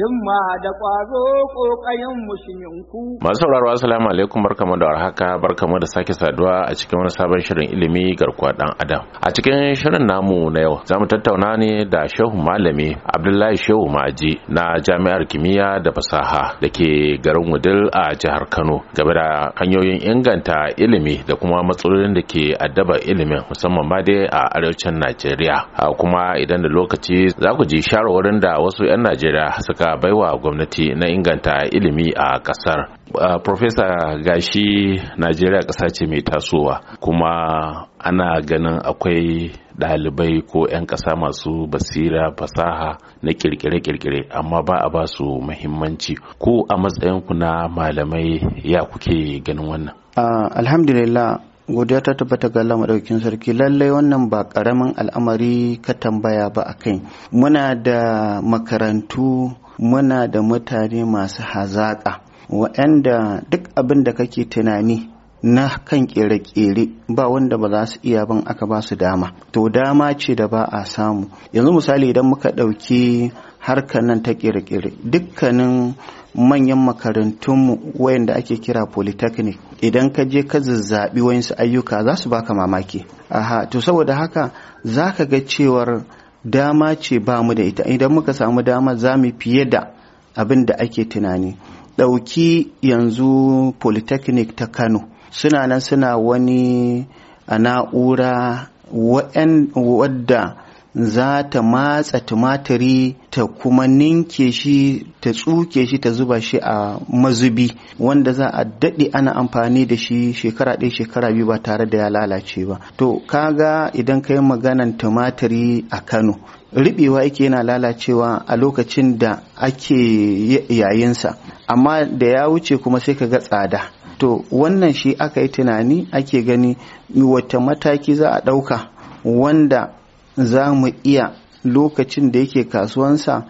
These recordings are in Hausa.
himma da ƙwazo ƙoƙayen musulminku. Masu sauraro assalamu alaikum barkamu da warhaka barkamu da sake saduwa a cikin wani sabon shirin ilimi garkuwa dan adam. A cikin shirin namu na yau za mu tattauna ne da Shehu Malami Abdullahi Shehu Maji na Jami'ar Kimiyya da Fasaha da ke garin Wudil a jihar Kano game da hanyoyin inganta ilimi da kuma matsalolin da ke addaba ilimin musamman ma dai a arewacin Najeriya. A Kuma idan da lokaci za ku ji shawarwarin da wasu 'yan Najeriya suka suka baiwa gwamnati na inganta ilimi a kasar profesa gashi najeriya ƙasa ce mai tasowa kuma ana ganin akwai ɗalibai ko 'yan ƙasa masu basira fasaha na kirkire-kirkire amma ba a ba su muhimmanci ko a matsayinku na malamai ya kuke ganin wannan alhamdulillah godiya ta tabbata ga Allah madaukakin sarki lallai wannan ba karamin al'amari ka tambaya ba akai muna da makarantu muna da mutane masu hazaƙa waɗanda duk abin da kake tunani na kan kere-kere ba wanda ba za su iya ban aka ba su dama to dama ce da ba a samu yanzu misali idan muka ɗauki harkar nan ta kere-kere dukkanin manyan makarantunmu wayanda ake kira polytechnic idan ka je ka zazzaɓi wayansu ayyuka za su baka mamaki aha to saboda haka za ka ga cewar dama ce ba mu da ita idan muka samu dama za mu fiye da abin da ake tunani ɗauki yanzu polytechnic ta kano suna nan suna wani a na'ura wadda za ta matsa tumatiri ta kuma ninke shi ta tsuke shi ta zuba shi a mazubi wanda za a daɗe ana amfani da shi shekara ɗaya shekara biyu ba tare da ya lalace ba to kaga idan ka yi maganan tumatiri a kano riɓewa yake yana lalacewa a lokacin da ake yayinsa amma da ya wuce kuma sai ka ga tsada to wannan shi aka yi tunani ake gani wata mataki za a ɗauka wanda za mu iya lokacin da yake kasuwansa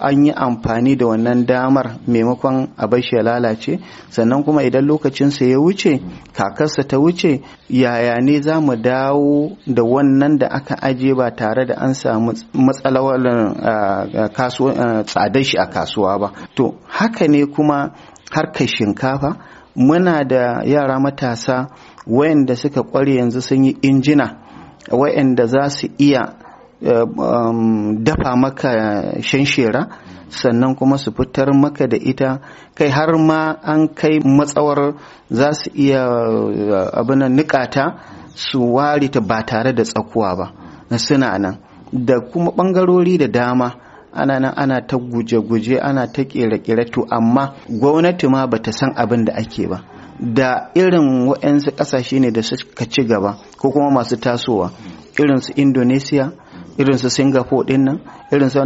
an yi amfani da wannan damar maimakon abashi ya lalace sannan kuma idan lokacinsa ya wuce kakarsa ta wuce yaya ne za mu dawo da wannan da aka aje ba tare da an samu matsalawar tsadar shi a kasuwa ba to haka ne kuma harkar shinkafa muna da yara matasa wayanda suka kware yanzu sun yi injina waɗanda za su iya eh, um, dafa maka shanshera sannan kuma su fitar maka da ita kai har ma an kai matsawar za su iya eh, abin nikata su warita ba tare da tsakuwa ba suna nan da kuma bangarori da dama ana nan ana ta guje-guje ana ta kere-kere to amma gwamnati ma ba ta san abin da ake ba da irin waɗansu ƙasashe ne da suka ci gaba ko kuma masu tasowa irin su indonesia irin su singapore din nan irin su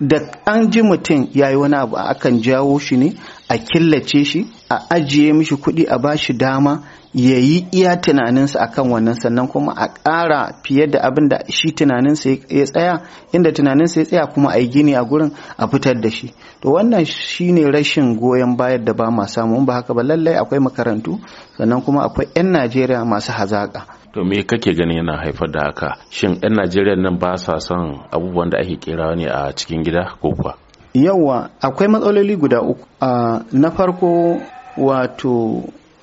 da an ji mutum ya yi wani abu a akan jawo shi ne a killace shi a ajiye mishi kuɗi a bashi dama ya yi iya tunaninsa a kan wannan sannan kuma a ƙara fiye da abin da shi tunaninsa ya tsaya inda tunaninsa ya tsaya kuma a yi gini a gurin a fitar da shi to wannan shi ne rashin goyon bayar da ba ma samu ba haka ba lallai akwai makarantu sannan kuma akwai 'yan najeriya masu hazaƙa to me kake ganin yana haifar da haka shin 'yan najeriya nan ba sa son abubuwan da ake kerawa ne a cikin gida ko kuwa yawa akwai matsaloli guda uku na farko wato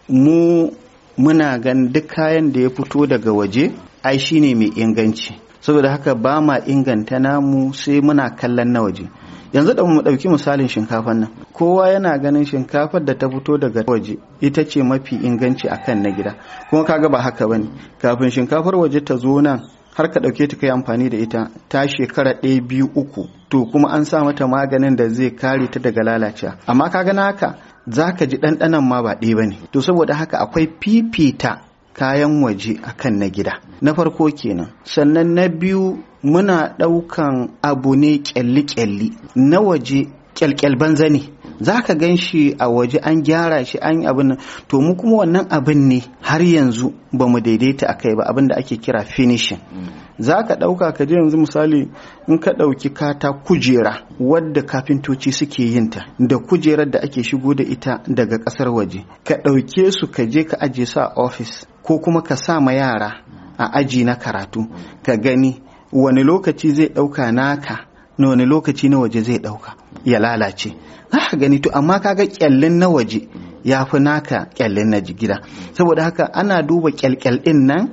mu muna gan duk kayan da ya fito daga waje ai shine mai inganci saboda haka ba ma inganta namu sai muna kallon na waje yanzu da mu ɗauki misalin shinkafar nan kowa yana ganin shinkafar da ta fito daga waje ita ce mafi inganci akan na gida kuma kaga ba haka bane kafin shinkafar waje ta zo nan har ka ɗauke ta kai amfani da ita ta shekara ɗaya biyu uku to kuma an sa mata maganin da zai kare ta daga lalacewa amma ka gana haka za ka ji ɗanɗanan ma ba ɗaya ba ne to saboda haka akwai fifita kayan waje akan na gida na farko kenan sannan na biyu muna ɗaukan abu ne ƙyalli-ƙyalli na waje kyalkyal banza ne za ka gan shi a waje an gyara shi an yi abin to mu kuma wannan abin ne har yanzu ba mu daidaita a kai ba abin da ake kira finishing mm. za ka ɗauka ka je yanzu misali in ka ɗauki kata kujera wadda kafintoci suke yin ta da kujerar da ake shigo da ita daga ƙasar waje ka ɗauke su ka je ka aje su a ofis ko kuma ka sa ma yara a aji na karatu mm. ka gani wani lokaci zai ɗauka naka na wani lokaci na waje zai ɗauka ya lalace za ka gani to amma kaga kyallin na waje ya fi naka kyallin na gida saboda haka ana duba kyalkyal din nan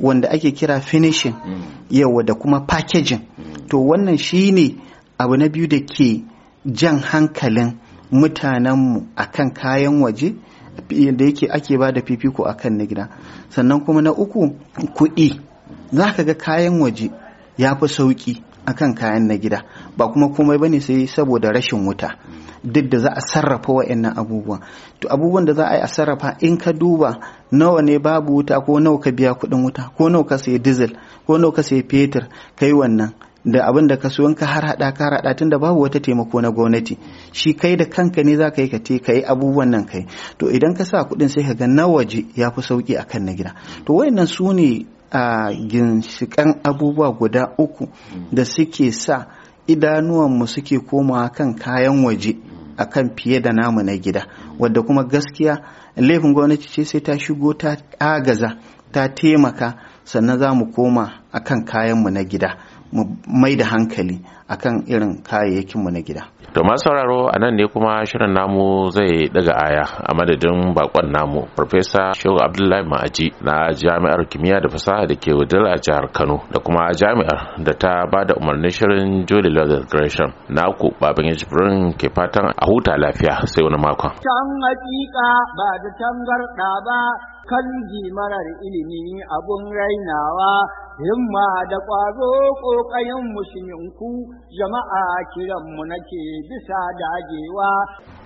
wanda ake kira finishing mm. yawa da kuma packaging mm. to wannan shi ne abu na biyu da ke jan hankalin mutanenmu akan kayan waje da yake ake ba da fifiko akan na gida sannan kuma na uku kuɗi za ka ga kayan waje ya fi sauƙi akan kayan na gida ba kuma komai bane sai saboda rashin wuta mm. duk da za a sarrafa wa'annan abubuwan to abubuwan da za a yi a sarrafa in ka duba nawa ne babu wuta ko nawa ka biya kuɗin wuta ko nawa ka sayi diesel ko nawa ka sayi fetur kai wannan da abin da ka so ka har hada ka hada tun da babu wata taimako na gwamnati shi kai da kanka ne za ka yi kace ka yi abubuwan nan kai to idan ka sa kuɗin sai ka ga na waje ya fi sauki a kan na gida to wayannan su ne a ah, ginshikan abubuwa guda uku mm. da suke sa idanuwanmu suke komawa kan kayan waje akan fiye da namu na gida wadda kuma gaskiya laifin gwamnati ce sai ta shigo ta agaza ta taimaka sannan za mu koma akan kayanmu na gida mu mai da hankali akan irin kayayyakin mu na gida. To masu sauraro a nan ne kuma shirin namu zai daga aya a madadin bakon namu Farfesa Shehu Abdullahi Ma'aji na Jami'ar Kimiyya da Fasaha da ke Wudil a jihar Kano da kuma jami'ar da ta ba da umarnin shirin Jolly Lodger Gresham na ku baban Jibrin ke fatan a huta lafiya sai wani makon. Can hakika ba da tangarda ba kan marar ilimi abun rainawa himma da ƙwazo ƙoƙayen musulminku jama'a kiranmu nake bisa dagewa.